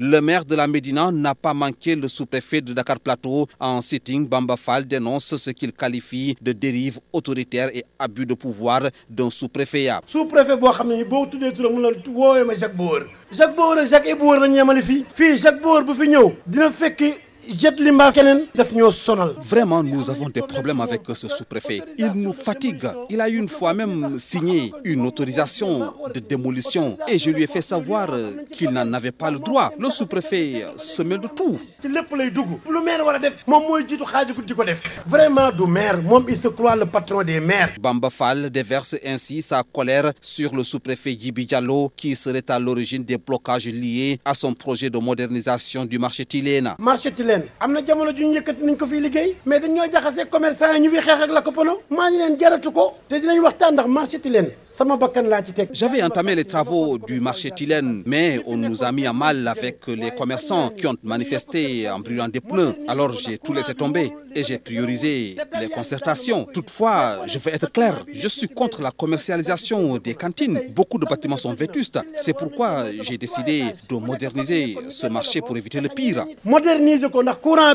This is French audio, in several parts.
Le maire de la Médina n'a pas manqué le sous-préfet de Dakar Plateau. En sitting, Fall dénonce ce qu'il qualifie de dérive autoritaire et abus de pouvoir d'un sous-préfet. Sous-préfet, Jacques de Jacques Boer Jacques Bourre, la et yemale fii fii Jacques Boer bu fi ñëw dina fekk Vraiment, nous avons des problèmes avec ce sous-préfet. Il nous fatigue. Il a une fois même signé une autorisation de démolition et je lui ai fait savoir qu'il n'en avait pas le droit. Le sous-préfet se mêle de tout. Vraiment, du maire, il se croit le patron des maires. Bamba Fall déverse ainsi sa colère sur le sous-préfet Yibi qui serait à l'origine des blocages liés à son projet de modernisation du marché Tilena. Marché leen am na jamono ju ñu yëkkati nañ ko fiy liggéey mais dañ ñoo jaxasee commerçant yi ñu fi xeex ak la ko maa ngi leen jaratu ko te dinañ waxtaan ndax marché ti leen J'avais entamé les travaux du marché Tilène, mais on nous a mis à mal avec les commerçants qui ont manifesté en brûlant des pneus. Alors j'ai tout laissé tomber et j'ai priorisé les concertations. Toutefois, je veux être clair, je suis contre la commercialisation des cantines. Beaucoup de bâtiments sont vétustes. C'est pourquoi j'ai décidé de moderniser ce marché pour éviter le pire. Moderniser courant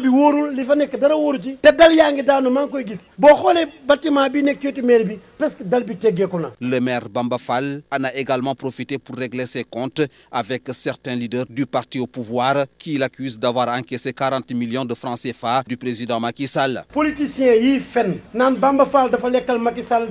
le maire Bamba Fall en a également profité pour régler ses comptes avec certains leaders du parti au pouvoir qui l'accusent d'avoir encaissé 40 millions de francs CFA du président Macky Sall. politiciens Bamba Fall Macky Sall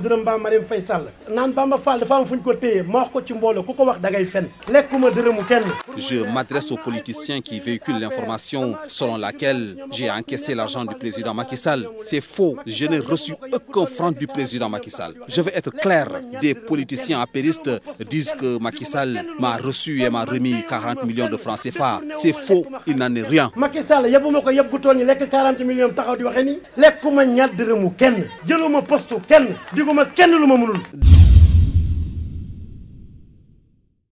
je m'adresse aux politiciens qui véhiculent l'information selon laquelle j'ai encaissé l'argent du président Macky Sall c'est faux je n'ai reçu aucun franc du président Macky Sall. Je vais être clair, des politiciens apéristes disent que Macky Sall m'a reçu et m'a remis 40 millions de francs CFA. C'est faux, il n'en est rien. Macky Sall yebuma ko yeb gu toll ni lekk 40 millions taxaw di waxe ni lekkuma ñaar dërëmu kenn jëluma postu kenn diguma kenn de francs mënul